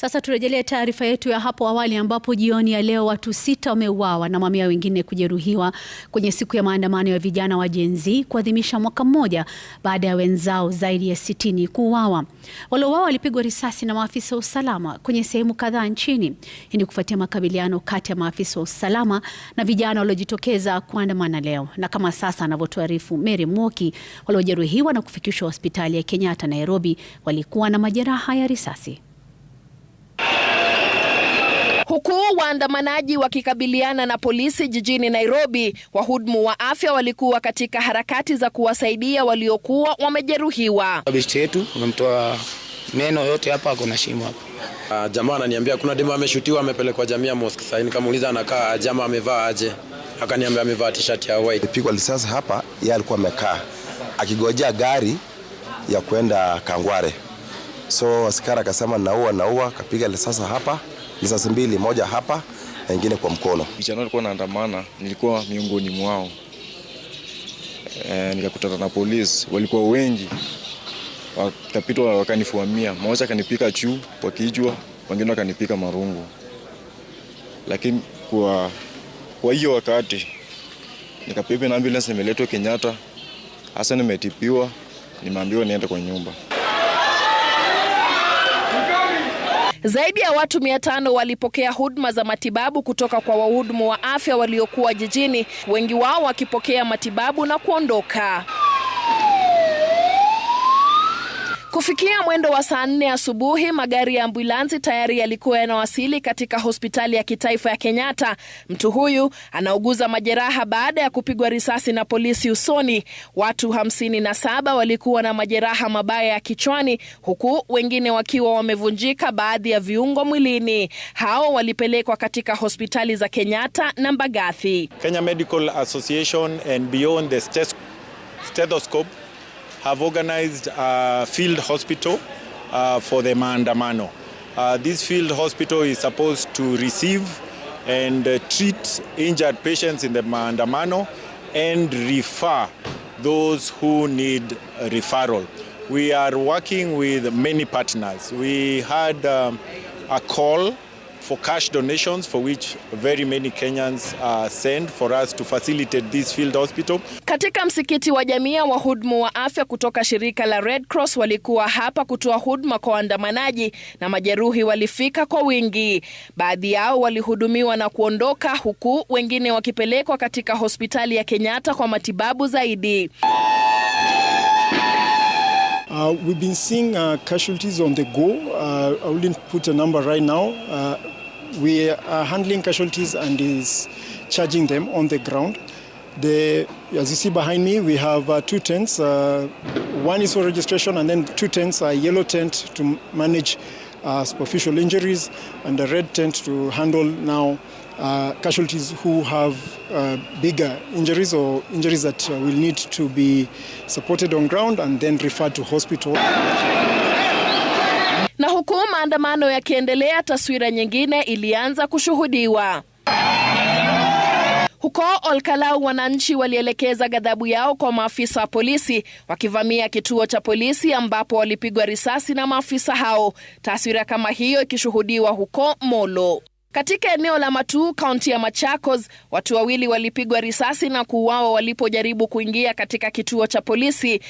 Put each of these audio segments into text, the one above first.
Sasa turejelee taarifa yetu ya hapo awali ambapo jioni ya leo watu sita wameuawa na mamia wengine kujeruhiwa kwenye siku ya maandamano ya vijana wa Gen Z kuadhimisha mwaka mmoja baada ya wenzao zaidi ya sitini kuuawa. Waliouawa walipigwa risasi na maafisa wa usalama kwenye sehemu kadhaa nchini. Hii ni kufuatia makabiliano kati ya maafisa wa usalama na vijana waliojitokeza kuandamana leo, na kama sasa anavyotuarifu Mary Mwoki, waliojeruhiwa na kufikishwa hospitali ya Kenyatta Nairobi walikuwa na majeraha ya risasi. Huku waandamanaji wakikabiliana na polisi jijini Nairobi, wahudumu wa afya walikuwa katika harakati za kuwasaidia waliokuwa wamejeruhiwa. Binti yetu wamemtoa meno yote hapa, kuna shimo hapa. Uh, jamaa ananiambia kuna dema ameshutiwa, amepelekwa Jamia Mosque. Sasa nikamuuliza anakaa jamaa amevaa aje, akaniambia amevaa t-shirt ya white. Pigwa risasi hapa, yeye alikuwa amekaa akigojea gari ya kwenda Kangware. So askari akasema naua naua, kapiga risasi hapa, lisasi mbili, moja hapa na nyingine kwa mkono. Vijana walikuwa naandamana, nilikuwa miongoni mwao e, nikakutana na polisi, walikuwa wengi, wakapitwa wakanifuamia, mmoja akanipika juu kwa kichwa, wengine wakanipika marungu, lakini kwa kwa hiyo wakati nikapiga na ambulance, imeletwa Kenyatta hasa, nimetipiwa, nimeambiwa niende kwa nyumba. Zaidi ya watu mia tano walipokea huduma za matibabu kutoka kwa wahudumu wa afya waliokuwa jijini, wengi wao wakipokea matibabu na kuondoka. Kufikia mwendo wa saa nne asubuhi, magari ya ambulansi tayari yalikuwa yanawasili katika hospitali ya kitaifa ya Kenyatta. Mtu huyu anauguza majeraha baada ya kupigwa risasi na polisi usoni. Watu hamsini na saba walikuwa na majeraha mabaya ya kichwani, huku wengine wakiwa wamevunjika baadhi ya viungo mwilini. Hao walipelekwa katika hospitali za Kenyatta na Mbagathi. Kenya Medical Association and beyond the stethoscope have organized a field hospital uh, for the maandamano. Uh, this field hospital is supposed to receive and uh, treat injured patients in the maandamano and refer those who need referral. We are working with many partners. We had um, a call for cash donations for which very many Kenyans uh, send for us to facilitate this field hospital. Katika msikiti wa jamii, wahudumu wa afya kutoka shirika la Red Cross walikuwa hapa kutoa huduma kwa waandamanaji na majeruhi walifika kwa wingi. Baadhi yao walihudumiwa na kuondoka huku wengine wakipelekwa katika hospitali ya Kenyatta kwa matibabu zaidi. Uh, we've been seeing uh, casualties on the go. Uh, I wouldn't put a number right now. Uh, we are handling casualties and is charging them on the ground. The, as you see behind me, we have uh, two tents. Uh, one is for registration, and then two tents a yellow tent to manage uh, superficial injuries, and a red tent to handle now uh, casualties who have uh, bigger injuries or injuries that uh, will need to be supported on ground and then referred to hospital. Na huku maandamano yakiendelea, taswira nyingine ilianza kushuhudiwa huko Olkalau. Wananchi walielekeza ghadhabu yao kwa maafisa wa polisi wakivamia kituo cha polisi ambapo walipigwa risasi na maafisa hao, taswira kama hiyo ikishuhudiwa huko Molo. Katika eneo la Matuu, kaunti ya Machakos, watu wawili walipigwa risasi na kuuawa walipojaribu kuingia katika kituo cha polisi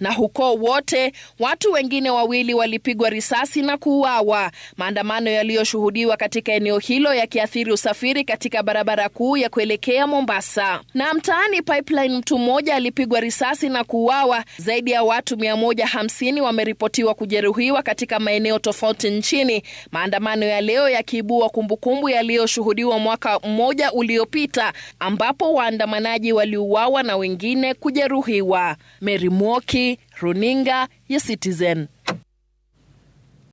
na huko wote watu wengine wawili walipigwa risasi na kuuawa. Maandamano yaliyoshuhudiwa katika eneo hilo yakiathiri usafiri katika barabara kuu ya kuelekea Mombasa. Na mtaani Pipeline, mtu mmoja alipigwa risasi na kuuawa. Zaidi ya watu 150 wameripotiwa kujeruhiwa katika maeneo tofauti nchini, maandamano ya leo yakiibua kumbukumbu yaliyoshuhudiwa mwaka mmoja uliopita ambapo waandamanaji waliuawa na wengine kujeruhiwa. Mary Mwoki runinga ya Citizen.